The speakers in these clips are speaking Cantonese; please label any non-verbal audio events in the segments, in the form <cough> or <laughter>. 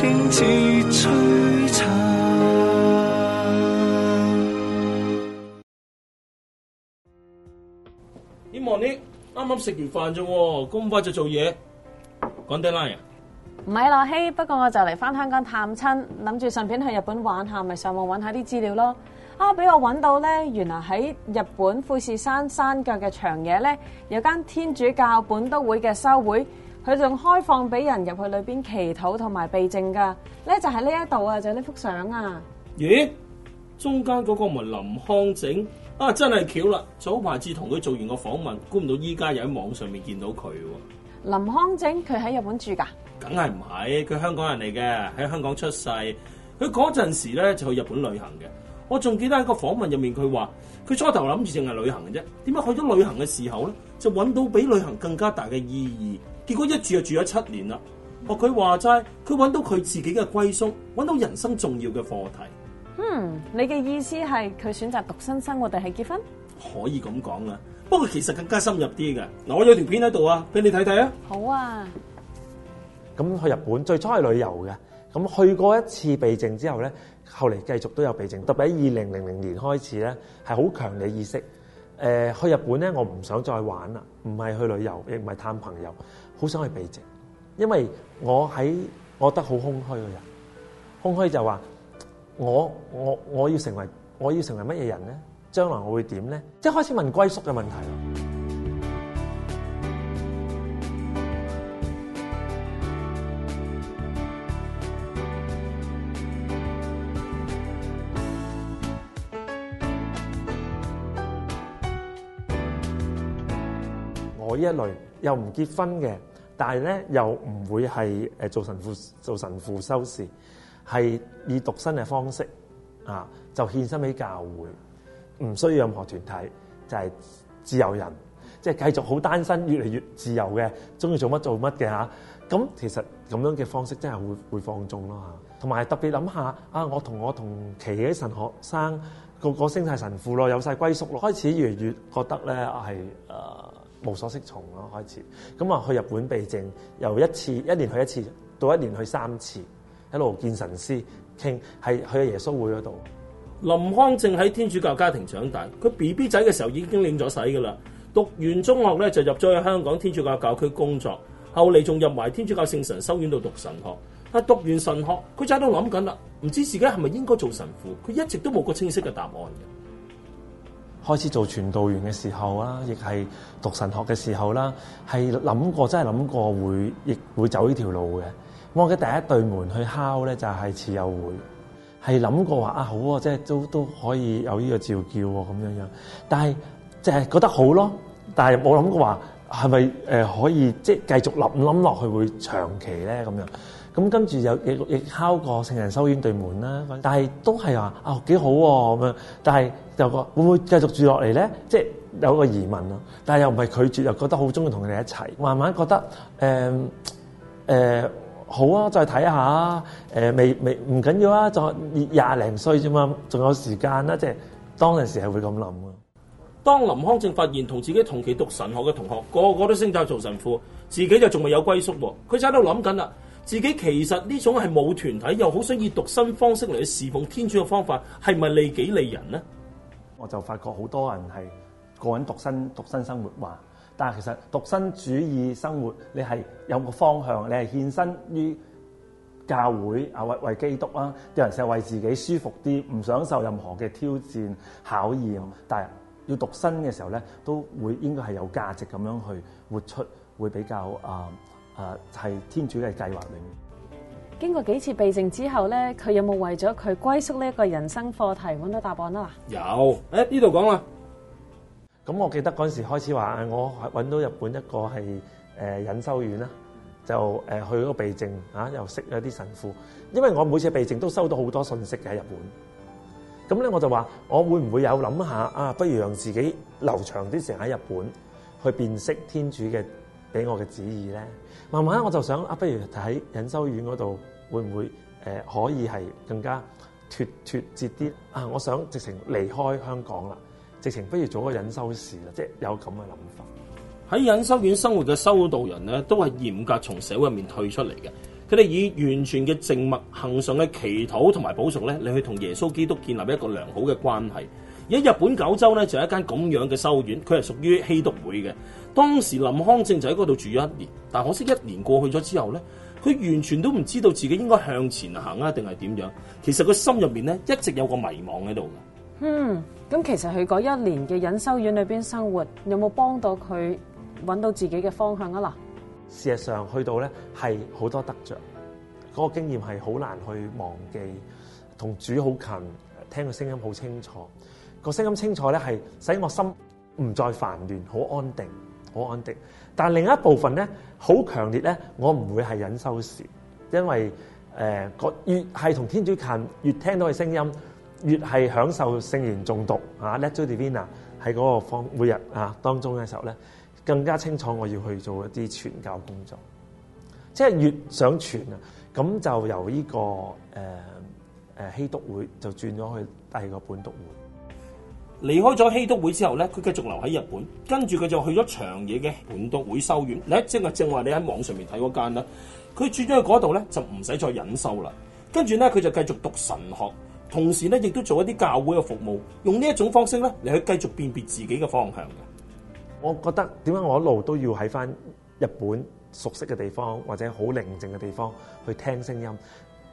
希望你啱啱食完飯啫，咁快就做嘢。g 低 a l i n e 啊，唔係羅希，hey，不過我就嚟翻香港探親，諗住順便去日本玩下，咪上網搵下啲資料咯。啊，俾我搵到咧，原來喺日本富士山山腳嘅長野咧，有間天主教本都會嘅修會。佢仲開放俾人入去裏邊祈禱同埋避靜噶咧，就喺呢一度啊，就呢幅相啊。咦？中間嗰個咪林康正啊，真係巧啦。早排至同佢做完個訪問，估唔到依家又喺網上面見到佢喎、啊。林康正佢喺日本住噶？梗係唔係佢香港人嚟嘅，喺香港出世。佢嗰陣時咧就去日本旅行嘅。我仲記得喺個訪問入面，佢話佢初頭諗住淨係旅行嘅啫，點解去咗旅行嘅時候咧就揾到比旅行更加大嘅意義？結果一住就住咗七年啦。哦，佢話齋，佢揾到佢自己嘅歸宿，揾到人生重要嘅課題。嗯，你嘅意思係佢選擇獨身生活，定係結婚？可以咁講啦。不過其實更加深入啲嘅，嗱，我有條片喺度啊，俾你睇睇啊。好啊。咁去日本最初係旅遊嘅，咁去過一次避靜之後咧，後嚟繼續都有避靜，特別喺二零零零年開始咧，係好強烈意識。誒、呃，去日本咧，我唔想再玩啦，唔係去旅遊，亦唔係探朋友。好想去避靜，因為我喺我覺得好空虛嘅人。空虛就話我我我要成為我要成為乜嘢人咧？將來我會點咧？即開始問歸宿嘅問題咯。我呢一類又唔結婚嘅。但係咧，又唔會係誒做神父、做神父修士，係以獨身嘅方式啊，就獻身俾教會，唔需要任何團體，就係、是、自由人，即、就、係、是、繼續好單身，越嚟越自由嘅，中意做乜做乜嘅嚇。咁、啊、其實咁樣嘅方式真係會會放縱咯嚇。同、啊、埋特別諗下啊，我同我同期嘅神學生個個升曬神父咯，有晒歸宿咯，開始越嚟越覺得咧係誒。啊是啊無所適從咯，開始咁啊，去日本避靜，由一次，一年去一次，到一年去三次，一路見神師傾，去咗耶穌會嗰度。林康正喺天主教家庭長大，佢 B B 仔嘅時候已經領咗洗噶啦，讀完中學咧就入咗去香港天主教教區工作，後嚟仲入埋天主教聖神修院度讀神學。啊，讀完神學，佢就喺度諗緊啦，唔知自己係咪應該做神父，佢一直都冇個清晰嘅答案嘅。開始做傳道員嘅時候啦，亦係讀神學嘅時候啦，係諗過真係諗過會，亦會走呢條路嘅。我嘅第一對門去敲咧，就係慈幼會，係諗過話啊好啊，即係都都可以有呢個召叫喎咁樣樣。但係即係覺得好咯，但係冇諗過話係咪誒可以即係繼續諗諗落去，會長期咧咁樣。咁跟住又亦亦敲過聖人修院對門啦，但係都係話、哦、啊幾好喎咁樣，但係就個會唔會繼續住落嚟咧？即、就、係、是、有個疑問，但係又唔係拒絕，又覺得好中意同佢哋一齊，慢慢覺得誒誒、呃呃、好啊，再睇下誒未未唔緊要啊，就廿零歲啫嘛，仲有時間啦。即係當陣時係會咁諗啊。當林康正發現同自己同期讀神學嘅同學個個都升級做神父，自己就仲未有歸宿喎，佢就喺度諗緊啦。自己其實呢種係冇團體，又好想以獨身方式嚟去侍奉天主嘅方法，係咪利己利人呢？我就發覺好多人係個人獨身、獨身生活話，但係其實獨身主義生活，你係有個方向，你係獻身於教會啊，為為基督啊，啲人成日為自己舒服啲，唔想受任何嘅挑戰考驗。但係要獨身嘅時候呢，都會應該係有價值咁樣去活出，會比較啊。呃啊，係天主嘅計劃嚟嘅。經過幾次避靜之後咧，佢有冇為咗佢歸宿呢一個人生課題揾到答案啊？有，誒，呢度講啦。咁、嗯、我記得嗰陣時開始話，我揾到日本一個係誒隱修院啦，就誒去咗避靜，啊又識咗啲神父，因為我每次避靜都收到好多信息嘅喺日本。咁咧我就話，我會唔會有諗下啊，不如讓自己留長啲時間喺日本，去辨識天主嘅。俾我嘅旨意咧，慢慢我就想啊，不如喺隱修院嗰度，會唔會誒可以係更加脫脫節啲啊？我想直情離開香港啦，直情不如做個隱修士啦，即係有咁嘅諗法。喺隱修院生活嘅修道人咧，都係嚴格從社會入面退出嚟嘅，佢哋以完全嘅靜默、恆常嘅祈禱同埋補贖咧，你去同耶穌基督建立一個良好嘅關係。喺日本九州咧，就係一間咁樣嘅修院，佢係屬於熙篤會嘅。當時林康正就喺嗰度住咗一年，但可惜一年過去咗之後咧，佢完全都唔知道自己應該向前行啊，定係點樣？其實佢心入面咧，一直有個迷茫喺度嘅。嗯，咁其實佢嗰一年嘅隱修院裏邊生活，有冇幫到佢揾到自己嘅方向啊？嗱，事實上去到咧係好多得着，嗰個經驗係好難去忘記，同主好近，聽個聲音好清楚。個聲音清楚咧，係使我心唔再煩亂，好安定，好安定。但係另一部分咧，好強烈咧，我唔會係忍受時，因為誒個越係同天主近越聽到嘅聲音，越係享受聖言中毒啊。Lectio Divina 喺嗰個方每日啊當中嘅時候咧，更加清楚我要去做一啲傳教工作，即係越想傳啊，咁就由呢個誒誒熙篤會就轉咗去第二個本篤會。離開咗希督會之後咧，佢繼續留喺日本，跟住佢就去咗長野嘅本督會修院。嗱，即係正話你喺網上面睇嗰間啦。佢轉咗去嗰度咧，就唔使再忍受啦。跟住咧，佢就繼續讀神學，同時咧亦都做一啲教會嘅服務，用呢一種方式咧嚟去繼續辨別自己嘅方向嘅。我覺得點解我一路都要喺翻日本熟悉嘅地方或者好寧靜嘅地方去聽聲音？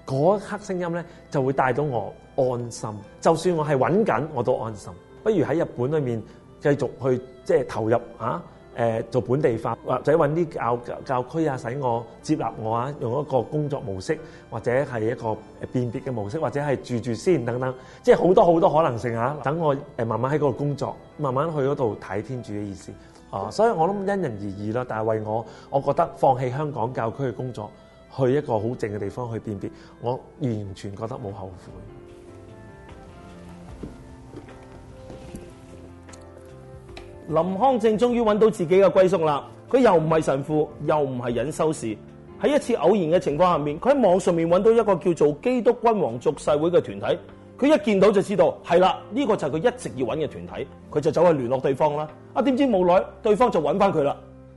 嗰一刻聲音咧就會帶到我安心，就算我係揾緊我都安心。不如喺日本裏面繼續去即、即係、投入啊、呃！做本地化或者搵啲教教，教區啊，使我接納我啊，用一個工作模式或者係一個辨別嘅模式，或者係住住先等等，即係好多好多可能性啊！等我、呃、慢慢喺嗰度工作，慢慢去嗰度睇天主嘅意思啊！所以我諗因人而異咯，但係為我，我覺得放棄香港教區嘅工作，去一個好靜嘅地方去辨別，我完全覺得冇後悔。林康正終於揾到自己嘅歸宿啦！佢又唔係神父，又唔係隱修士。喺一次偶然嘅情況下面，佢喺網上面揾到一個叫做基督君王俗世會嘅團體。佢一見到就知道係啦，呢個就係佢一直要揾嘅團體。佢就走去聯絡對方啦。啊，點知冇耐，對方就揾返佢啦。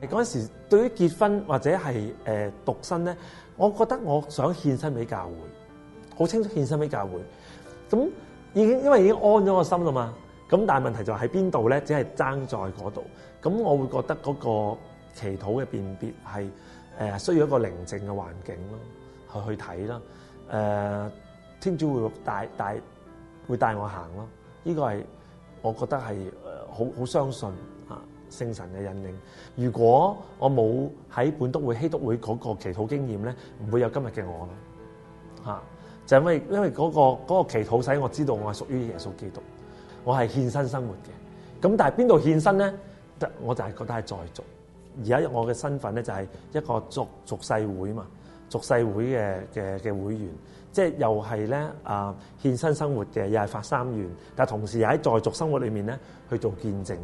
嗰時對於結婚或者係誒獨身呢，我覺得我想獻身俾教會，好清楚獻身俾教會。咁已經因為已經安咗個心啦嘛。咁但係問題就係喺邊度咧？只係爭在嗰度。咁我會覺得嗰個祈禱嘅辨別係誒需要一個寧靜嘅環境咯，去去睇啦。天主會帶，帶，會帶我行咯。呢個係我覺得係好好相信啊聖神嘅引領。如果我冇喺本篤會、熙篤會嗰個祈禱經驗咧，唔會有今日嘅我啦、啊。就係因為因為嗰個嗰個祈禱使我知道我係屬於耶穌基督。我係獻身生活嘅，咁但係邊度獻身呢？我就係覺得係在俗，而家我嘅身份咧就係一個俗俗世會嘛，俗世會嘅嘅嘅會員，即係又係咧啊，獻身生活嘅，又係發三願，但同時又喺在俗生活裏面咧去做見證。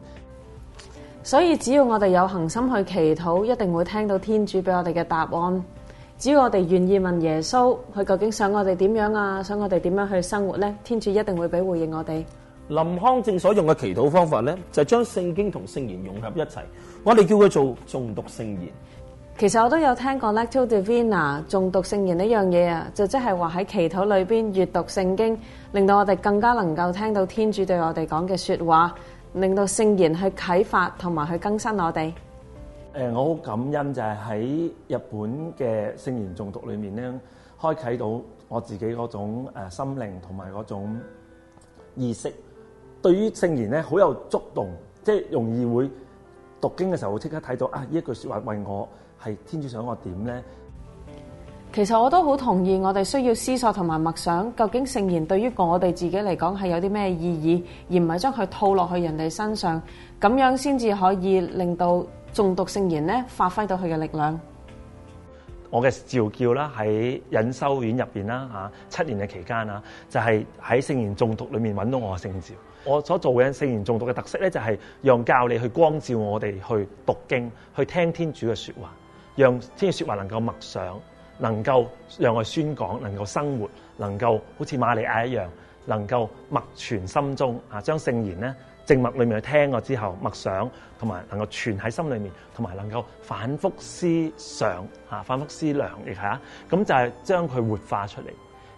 所以只要我哋有恒心去祈禱，一定會聽到天主俾我哋嘅答案。只要我哋願意問耶穌，佢究竟想我哋點樣啊？想我哋點樣去生活咧？天主一定會俾回應我哋。林康正所用嘅祈禱方法咧，就係將聖經同聖言融合一齊。我哋叫佢做誦讀聖言。其實我都有聽過 Lectio Divina 誦讀聖言呢樣嘢啊，就即係話喺祈禱裏邊閱讀聖經，令到我哋更加能夠聽到天主對我哋講嘅說話，令到聖言去啟發同埋去更新我哋。誒、呃，我好感恩就係喺日本嘅聖言誦讀裏面咧，開啟到我自己嗰種誒心靈同埋嗰種意識。對於聖言咧，好有觸動，即係容易會讀經嘅時候看，會即刻睇到啊！呢一句説話為我係天主想我點咧？其實我都好同意，我哋需要思索同埋默想，究竟聖言對於我哋自己嚟講係有啲咩意義，而唔係將佢套落去人哋身上，咁樣先至可以令到誦讀聖言咧，發揮到佢嘅力量。我嘅召叫啦，喺隱修院入邊啦，嚇七年嘅期間啊，就係、是、喺聖言誦讀裡面揾到我嘅聖召。我所做嘅聖言重讀嘅特色咧，就係讓教你去光照我哋去讀經，去聽天主嘅說話，讓天主說話能夠默想，能夠讓我宣講，能夠生活，能夠好似瑪利亞一樣能夠默存心中啊，將聖言咧靜默裏面去聽過之後默想，同埋能夠存喺心裏面，同埋能夠反復思想啊，反復思量，亦係啊，咁就係將佢活化出嚟。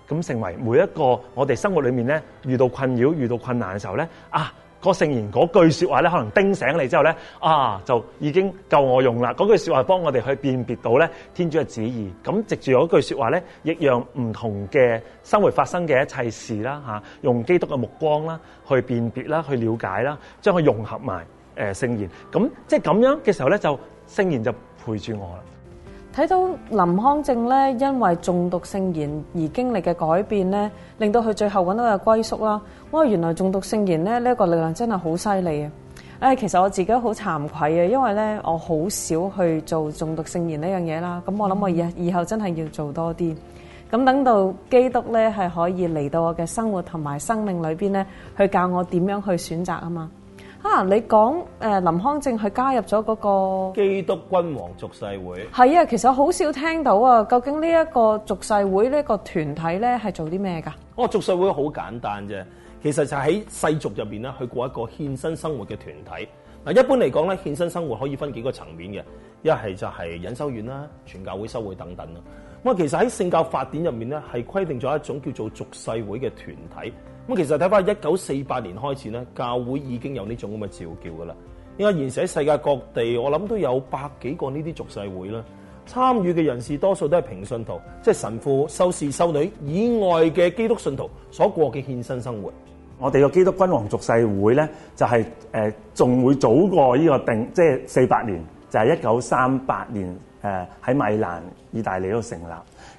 咁成為每一個我哋生活裏面咧遇到困擾、遇到困難嘅時候咧，啊，個聖言嗰句説話咧，可能叮醒你之後咧，啊，就已經夠我用啦。嗰句説話幫我哋去辨別到咧天主嘅旨意。咁藉住嗰句説話咧，亦讓唔同嘅生活發生嘅一切事啦，嚇，用基督嘅目光啦，去辨別啦，去了解啦，將佢融合埋誒聖言。咁即係咁樣嘅時候咧，就聖言就陪住我啦。睇到林康正咧，因為中毒聖言而經歷嘅改變咧，令到佢最後揾到個歸宿啦。哇，原來中毒聖言咧，呢個力量真係好犀利啊！唉，其實我自己好慚愧啊，因為咧我好少去做中毒聖言呢樣嘢啦。咁我諗我以以後真係要做多啲。咁等到基督咧係可以嚟到我嘅生活同埋生命裏邊咧，去教我點樣去選擇啊嘛。啊！你講林康正去加入咗嗰、那個基督君王俗世會，係啊！其實好少聽到啊。究竟呢一個俗世會呢個個團體咧係做啲咩噶？我、哦、俗世會好簡單啫，其實就喺世俗入面咧，去過一個獻身生活嘅團體。嗱，一般嚟講咧，獻身生活可以分幾個層面嘅，一係就係隱修院啦、傳教會修會等等啦。咁啊，其實喺聖教法典入面咧，係規定咗一種叫做俗世會嘅團體。咁其實睇翻一九四八年開始咧，教會已經有呢種咁嘅召叫噶啦。因為現時喺世界各地，我諗都有百幾個呢啲俗世會啦。參與嘅人士多數都係平信徒，即係神父、修士、修女以外嘅基督信徒所過嘅獻身生活。我哋嘅基督君王俗世會咧，就係誒仲會早過呢個定，即係四百年，就係一九三八年誒喺米蘭，意大利度成立。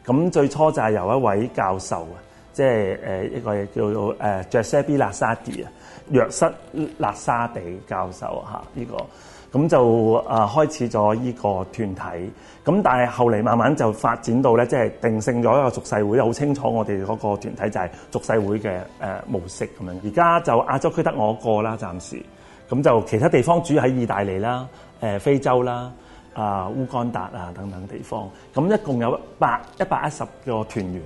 咁最初就係由一位教授啊，即係誒一個叫做誒 Jesepi La Sardi 啊，約瑟拉沙地教授吓呢、這個咁就誒開始咗依個團體，咁但係後嚟慢慢就發展到咧，即、就、係、是、定性咗一個俗世會，好清楚我哋嗰個團體就係俗世會嘅誒、呃、模式咁樣。而家就亞洲區得我一個啦，暫時咁就其他地方主要喺意大利啦、誒、呃、非洲啦、啊、呃、烏干達啊等等地方，咁一共有百一百一十個團員。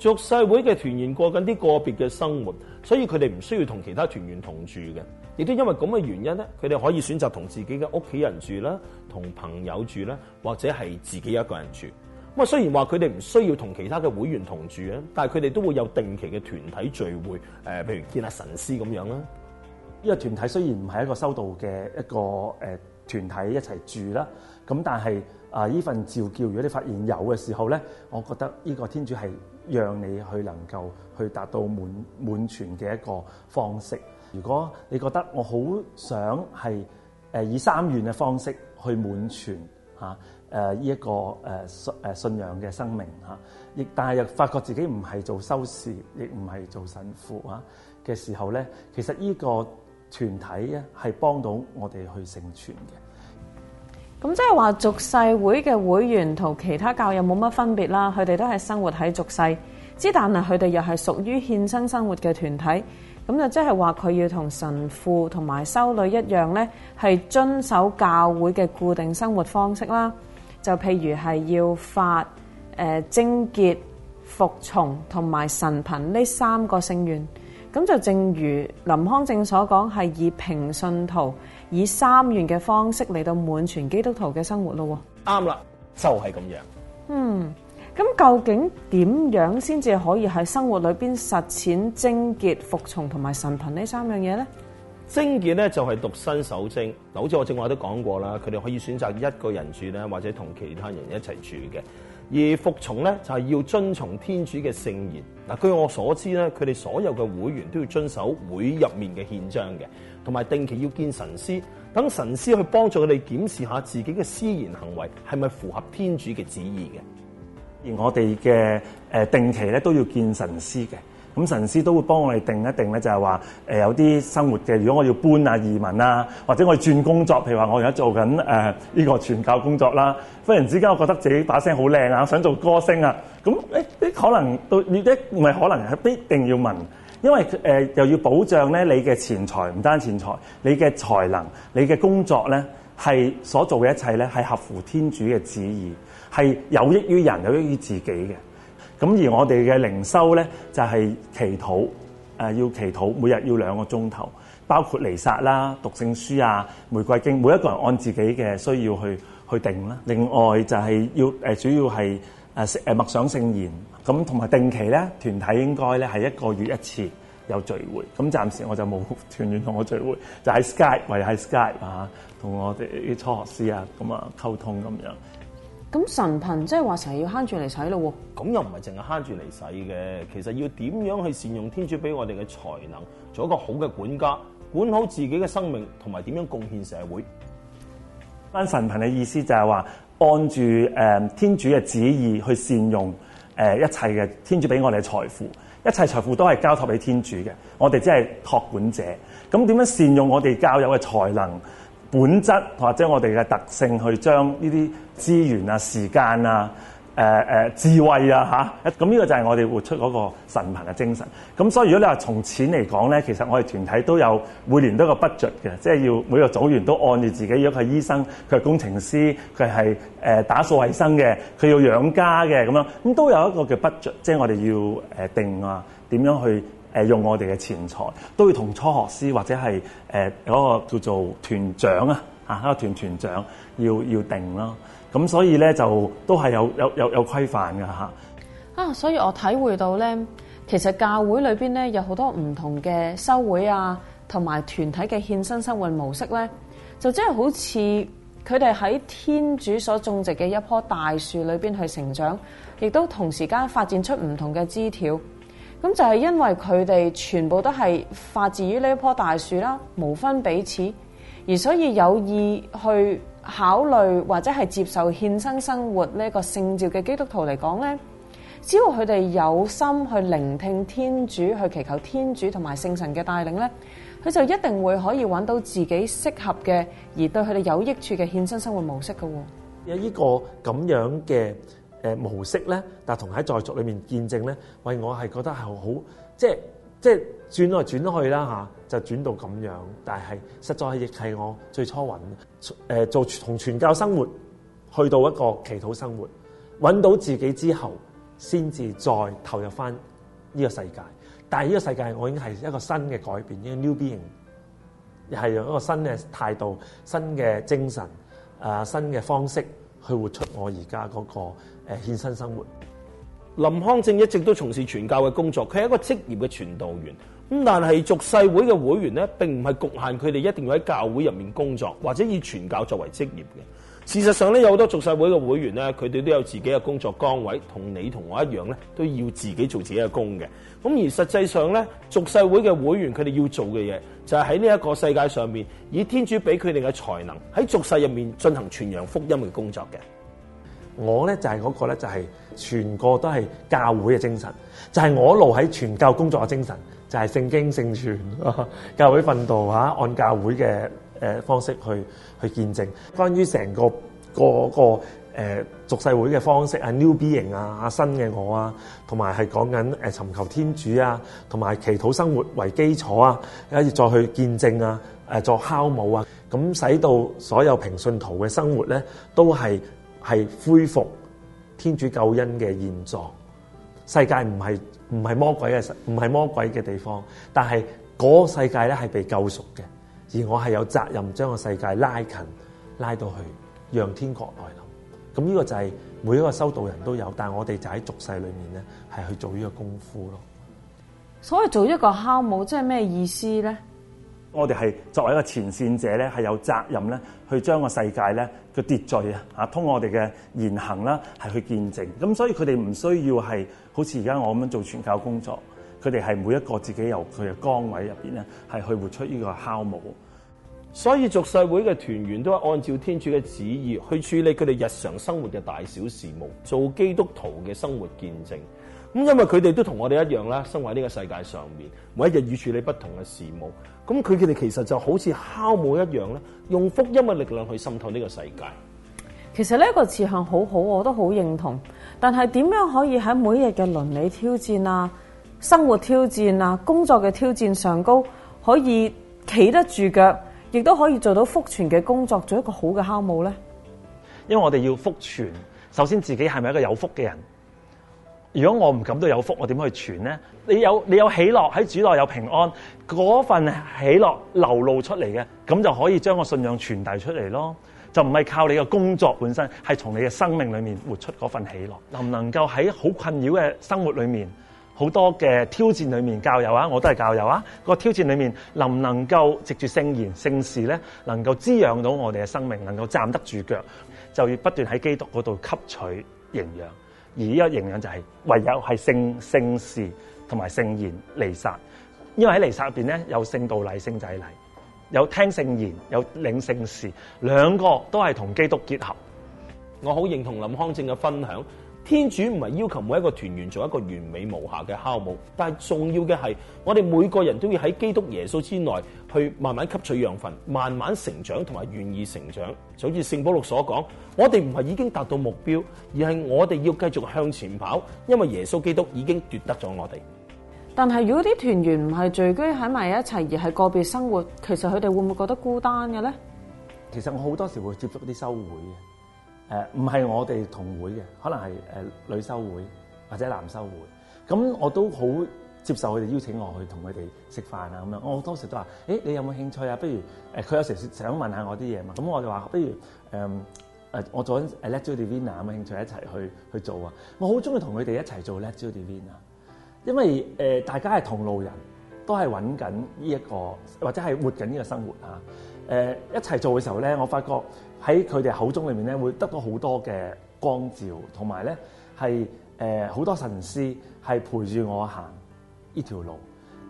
俗世會嘅團員過緊啲個別嘅生活，所以佢哋唔需要同其他團員同住嘅，亦都因為咁嘅原因咧，佢哋可以選擇同自己嘅屋企人住啦，同朋友住啦，或者係自己一個人住。咁啊，雖然話佢哋唔需要同其他嘅會員同住啊，但係佢哋都會有定期嘅團體聚會，誒，譬如見下神師咁樣啦。呢個團體雖然唔係一個修道嘅一個誒團體一齊住啦，咁但係啊，呢份召叫如果你發現有嘅時候咧，我覺得呢個天主係。讓你去能夠去達到滿滿全嘅一個方式。如果你覺得我好想係誒以三願嘅方式去滿全嚇誒呢一個誒、啊、信誒、啊、信仰嘅生命嚇，亦、啊、但係又發覺自己唔係做修士，亦唔係做神父嚇嘅、啊、時候咧，其實呢個團體咧係幫到我哋去成全嘅。咁即係話俗世會嘅會員同其他教友冇乜分別啦，佢哋都係生活喺俗世，之但係佢哋又係屬於獻身生活嘅團體，咁就即係話佢要同神父同埋修女一樣呢係遵守教會嘅固定生活方式啦。就譬如係要發誒貞潔、服從同埋神貧呢三個聖願，咁就正如林康正所講，係以平信徒。以三元嘅方式嚟到滿全基督徒嘅生活咯喎，啱啦，就係咁樣。嗯，咁究竟點樣先至可以喺生活裏邊實踐貞潔、服從同埋神貧呢三樣嘢咧？貞潔咧就係獨身守貞嗱，好似我正話都講過啦，佢哋可以選擇一個人住咧，或者同其他人一齊住嘅。而服從咧就係要遵從天主嘅聖言嗱，據我所知咧，佢哋所有嘅會員都要遵守會入面嘅憲章嘅。同埋定期要見神師，等神師去幫助佢哋檢視下自己嘅思言行為係咪符合天主嘅旨意嘅。而我哋嘅誒定期咧都要見神師嘅，咁神師都會幫我哋定一定咧，就係話誒有啲生活嘅，如果我要搬啊移民啊，或者我轉工作，譬如話我而家做緊誒呢個傳教工作啦，忽然之間我覺得自己把聲好靚啊，想做歌星啊，咁誒呢可能到你一唔係可能係必定要問。因為、呃、又要保障咧，你嘅錢財唔單止錢財，你嘅才能、你嘅工作咧，係所做嘅一切咧，係合乎天主嘅旨意，係有益於人、有益於自己嘅。咁而我哋嘅靈修咧，就係、是、祈禱、呃，要祈禱，每日要兩個鐘頭，包括離撒啦、讀聖書啊、玫瑰經，每一個人按自己嘅需要去去定啦。另外就係要、呃、主要係。默想聖言咁，同埋定期咧，團體應該咧係一個月一次有聚會。咁暫時我就冇團員同我聚會，就喺 Skype，或者喺 Skype 啊，同我哋啲初學師啊咁啊溝通咁樣。咁神貧即係話成日要慳住嚟使咯喎？咁又唔係淨係慳住嚟使嘅，其實要點樣去善用天主俾我哋嘅才能，做一個好嘅管家，管好自己嘅生命，同埋點樣貢獻社會？班神貧嘅意思就係話。按住，誒，天主嘅旨意去善用，誒，一切嘅天主俾我哋嘅財富，一切財富都係交託俾天主嘅，我哋只係託管者。咁點樣善用我哋教友嘅才能、本質或者我哋嘅特性，去將呢啲資源啊、時間啊、誒誒、呃、智慧啊吓，咁呢個就係我哋活出嗰個神貧嘅精神。咁所以如果你話從錢嚟講咧，其實我哋團體都有每年都有個 budget 嘅，即係要每個組員都按住自己，如果佢係醫生、佢係工程師、佢係、呃、打掃衛生嘅，佢要養家嘅咁樣咁、嗯、都有一個叫 budget，即係我哋要定、呃、啊，點樣去、呃、用我哋嘅錢財，都要同初學師或者係嗰個叫做團長啊，嗰一個團團長要要定咯。咁所以咧就都係有有有有規範噶嚇啊，啊！所以我體會到咧，其實教會裏面咧有好多唔同嘅修會啊，同埋團體嘅獻身生活模式咧，就真係好似佢哋喺天主所種植嘅一棵大樹裏面去成長，亦都同時間發展出唔同嘅枝條。咁就係因為佢哋全部都係發自於呢一棵大樹啦，無分彼此，而所以有意去。考慮或者係接受獻身生活呢個聖召嘅基督徒嚟講呢只要佢哋有心去聆聽天主，去祈求天主同埋聖神嘅帶領呢佢就一定會可以揾到自己適合嘅，而對佢哋有益處嘅獻身生活模式嘅。有呢個咁樣嘅誒、呃、模式呢，但同喺在俗裏面見證呢，喂，我係覺得係好即係。即係轉來轉去啦嚇，就轉到咁樣。但係實在係亦係我最初揾誒做同傳教生活，去到一個祈禱生活，揾到自己之後，先至再投入翻呢個世界。但係呢個世界，我已經係一個新嘅改變一個，new being，又係用一個新嘅態度、新嘅精神、呃、新嘅方式去活出我而家嗰個獻身、呃、生，生活。林康正一直都從事傳教嘅工作，佢係一個職業嘅傳道員，咁但係俗世會嘅會員咧，並唔係局限佢哋一定要喺教會入面工作，或者以傳教作為職業嘅。事實上咧，有好多俗世會嘅會員咧，佢哋都有自己嘅工作崗位，同你同我一樣咧，都要自己做自己嘅工嘅。咁而實際上咧，俗世會嘅會員，佢哋要做嘅嘢，就係喺呢一個世界上面，以天主俾佢哋嘅才能，喺俗世入面進行傳揚福音嘅工作嘅。我咧就係嗰個咧，就係全個都係教會嘅精神，就係我一路喺全教工作嘅精神，就係聖經聖傳、教會訓導吓、啊，按教會嘅方式去去見證。關於成個個個、呃、俗世會嘅方式啊，New Being 啊，新嘅我啊，同埋係講緊誒尋求天主啊，同埋祈禱生活為基礎啊，一再去見證啊，誒作酵母啊，咁使到所有平信徒嘅生活咧都係。係恢復天主救恩嘅現狀，世界唔係唔係魔鬼嘅，唔係魔鬼嘅地方，但係嗰世界咧係被救贖嘅，而我係有責任將個世界拉近，拉到去讓天國來臨。咁呢個就係每一個修道人都有，但係我哋就喺俗世裏面咧係去做呢個功夫咯。所以做一個酵母即係咩意思咧？我哋係作為一個前線者咧，係有責任咧，去將個世界咧嘅秩序啊，嚇，通過我哋嘅言行啦，係去見證。咁所以佢哋唔需要係好似而家我咁樣做傳教工作，佢哋係每一個自己由佢嘅崗位入邊咧，係去活出呢個酵母。所以俗世會嘅團員都係按照天主嘅旨意去處理佢哋日常生活嘅大小事務，做基督徒嘅生活見證。咁因為佢哋都同我哋一樣啦，生活喺呢個世界上面，每一日要處理不同嘅事務。咁佢哋其實就好似酵母一樣咧，用福音嘅力量去滲透呢個世界。其實呢個詞向好好，我都好認同。但係點樣可以喺每日嘅倫理挑戰啊、生活挑戰啊、工作嘅挑戰上高，可以企得住腳，亦都可以做到福傳嘅工作，做一個好嘅酵母咧？因為我哋要福傳，首先自己係咪一個有福嘅人？如果我唔感到有福，我點去傳呢？你有你有喜樂喺主內有平安，嗰份喜樂流露出嚟嘅，咁就可以將個信仰傳遞出嚟咯。就唔係靠你嘅工作本身，係從你嘅生命裏面活出嗰份喜樂。能唔能夠喺好困擾嘅生活裏面，好多嘅挑戰裏面，教友啊，我都係教友啊，個挑戰裏面，能唔能夠藉住聖言聖事呢？能夠滋養到我哋嘅生命，能夠站得住腳，就要不斷喺基督嗰度吸取營養。而呢個營養就係、是、唯有係聖聖事同埋聖言彌撒，因為喺彌撒入邊咧有聖道禮、聖祭禮，有聽聖言、有領聖事，兩個都係同基督結合。我好認同林康正嘅分享。天主唔係要求每一個團員做一個完美無瑕嘅酵母，但係重要嘅係，我哋每個人都要喺基督耶穌之內，去慢慢吸取養分，慢慢成長同埋願意成長。就好似聖保祿所講，我哋唔係已經達到目標，而係我哋要繼續向前跑，因為耶穌基督已經奪得咗我哋。但係如果啲團員唔係聚居喺埋一齊，而係個別生活，其實佢哋會唔會覺得孤單嘅呢？其實我好多時會接觸啲修會嘅。誒唔係我哋同會嘅，可能係女修會或者男修會。咁我都好接受佢哋邀請我去同佢哋食飯啊，咁樣我好多時都話，誒你有冇興趣啊？不如佢有時想問下我啲嘢嘛。咁我就話，不如誒、嗯、我做緊 Lectio Divina 啊，有冇興趣一齊去去做啊？我好中意同佢哋一齊做 Lectio Divina 啊，因為、呃、大家係同路人，都係揾緊呢一個或者係活緊呢個生活嚇、呃。一齊做嘅時候咧，我發覺。喺佢哋口中裏面咧，會得到好多嘅光照，同埋咧係誒好多神師係陪住我行呢條路。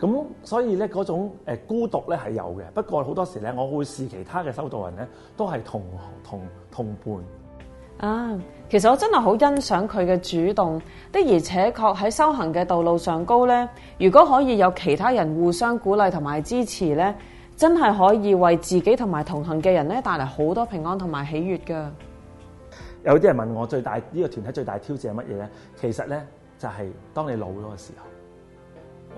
咁所以咧，嗰種誒孤獨咧係有嘅，不過好多時咧我會視其他嘅修道人咧都係同同同伴啊。其實我真係好欣賞佢嘅主動，的而且確喺修行嘅道路上高咧。如果可以有其他人互相鼓勵同埋支持咧。真係可以為自己同埋同行嘅人咧，帶嚟好多平安同埋喜悅噶。有啲人問我最大呢、呢個團體最大挑戰係乜嘢咧？其實咧就係、係、當你老咗嘅時候，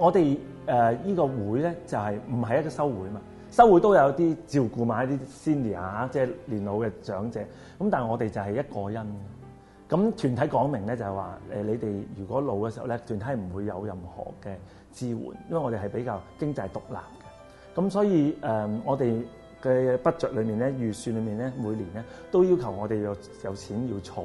我哋誒呢個會咧就係唔係一個修會啊嘛？修會都有啲照顧埋一啲 senior 啊，即係年老嘅長者。咁但係我哋就係一個人。咁團體講明咧就係話誒，你哋如果老嘅時候咧，團體唔會有任何嘅支援，因為我哋係比較經濟獨立。咁所以誒、呃，我哋嘅 budget 裏面咧，預算裏面咧，每年咧都要求我哋有有錢要儲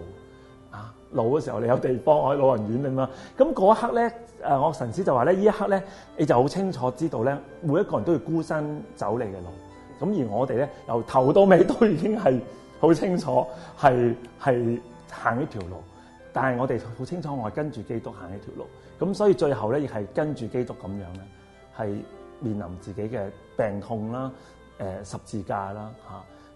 啊。老嘅時候你有地方我喺老人院咁啊。咁嗰一刻咧，誒我神師就話咧，呢一刻咧，你就好清楚知道咧，每一個人都要孤身走你嘅路。咁而我哋咧，由頭到尾都已經係好清楚，係係行一條路。但係我哋好清楚，我係跟住基督行一條路。咁所以最後咧，亦係跟住基督咁樣咧，係，面臨自己嘅病痛啦，誒、呃、十字架啦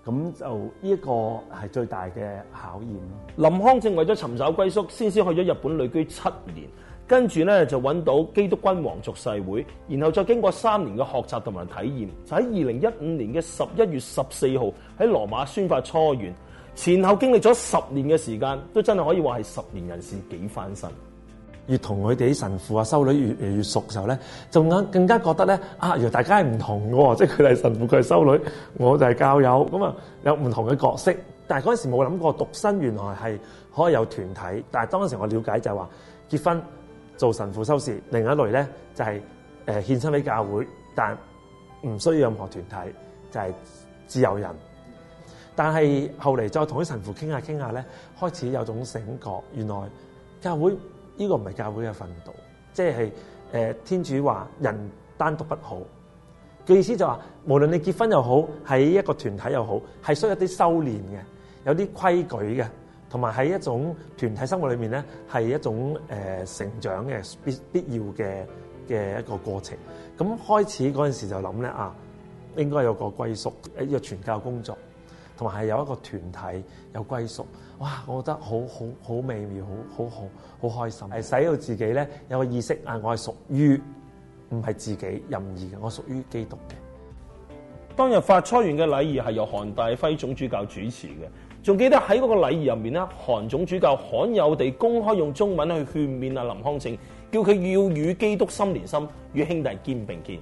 嚇，咁、啊、就呢一個係最大嘅考驗。林康正為咗尋找歸宿，先先去咗日本旅居七年，跟住呢，就揾到基督君王俗世會，然後再經過三年嘅學習同埋體驗，就喺二零一五年嘅十一月十四號喺羅馬宣發初願，前後經歷咗十年嘅時間，都真係可以話係十年人事幾番新。越同佢哋神父啊、修女越嚟越熟嘅時候咧，就更加覺得咧啊！原來大家係唔同嘅喎，即係佢哋係神父，佢係修女，我就係教友咁啊，有唔同嘅角色。但係嗰陣時冇諗過獨身原來係可以有團體，但係當時我了解就係話結婚做神父、修士，另一類咧就係誒、呃、獻身俾教會，但唔需要任何團體，就係自由人。但係後嚟再同啲神父傾下傾下咧，開始有一種醒覺，原來教會。呢個唔係教會嘅訓導，即係誒、呃、天主話人單獨不好嘅意思就話、是、無論你結婚又好，喺一個團體又好，係需要一啲修煉嘅，有啲規矩嘅，同埋喺一種團體生活裏面咧，係一種誒、呃、成長嘅必必要嘅嘅一個過程。咁開始陣時就諗咧啊，應該有個歸屬，誒一個傳教工作。同埋有一個團體有歸屬，哇！我覺得好好好好美妙，好好好好開心，係使到自己咧有個意識啊！我係屬於唔係自己任意嘅，我屬於基督嘅。當日發初願嘅禮儀係由韓大輝總主教主持嘅，仲記得喺嗰個禮儀入面啦，韓總主教罕有地公開用中文去勸勉啊林康正，叫佢要與基督心連心，與兄弟肩並肩。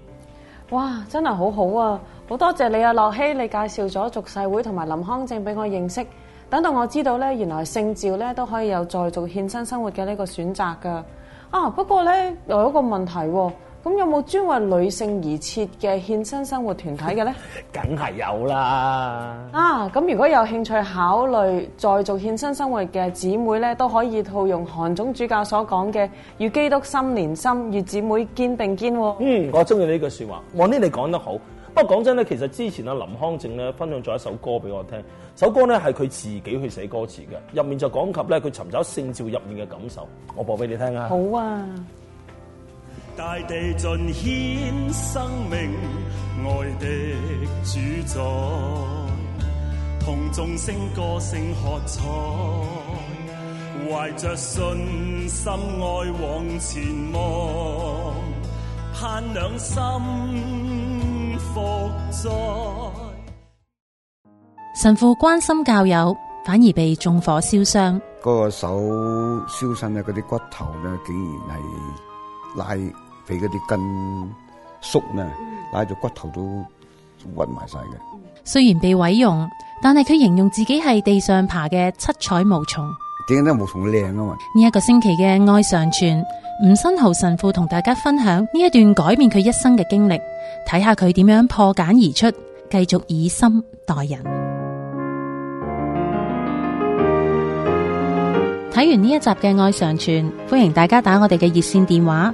哇，真係好好啊！好多謝你啊，洛熙，你介紹咗俗世會同埋林康正俾我認識。等到我知道咧，原來聖召咧都可以有在俗獻身生活嘅呢個選擇噶。啊，不過咧，又有一個問題喎、啊。咁有冇專為女性而設嘅獻身生活團體嘅咧？梗係 <laughs> 有啦！啊，咁如果有興趣考慮再做獻身生活嘅姊妹咧，都可以套用韓總主教所講嘅：與基督心連心，與姊妹肩並肩。嗯，我中意呢句說話，望呢你講得好。不過講真咧，其實之前阿林康正咧分享咗一首歌俾我聽，首歌咧係佢自己去寫歌詞嘅，入面就講及咧佢尋找聖召入面嘅感受。我播俾你聽啊！好啊。大地盡獻生命，愛的主宰，同眾聲歌聲喝彩，懷着信心愛往前望，盼兩心復在。神父關心教友，反而被縱火燒傷，嗰個手燒傷嘅，嗰啲骨頭呢，竟然係拉。俾嗰啲筋縮呢，拉住骨頭都屈埋晒嘅。雖然被毀容，但係佢形容自己係地上爬嘅七彩毛蟲。點解得毛蟲靚啊？呢一個星期嘅愛常傳，吳新豪神父同大家分享呢一段改變佢一生嘅經歷，睇下佢點樣破繭而出，繼續以心待人。睇完呢一集嘅愛常傳，歡迎大家打我哋嘅熱線電話。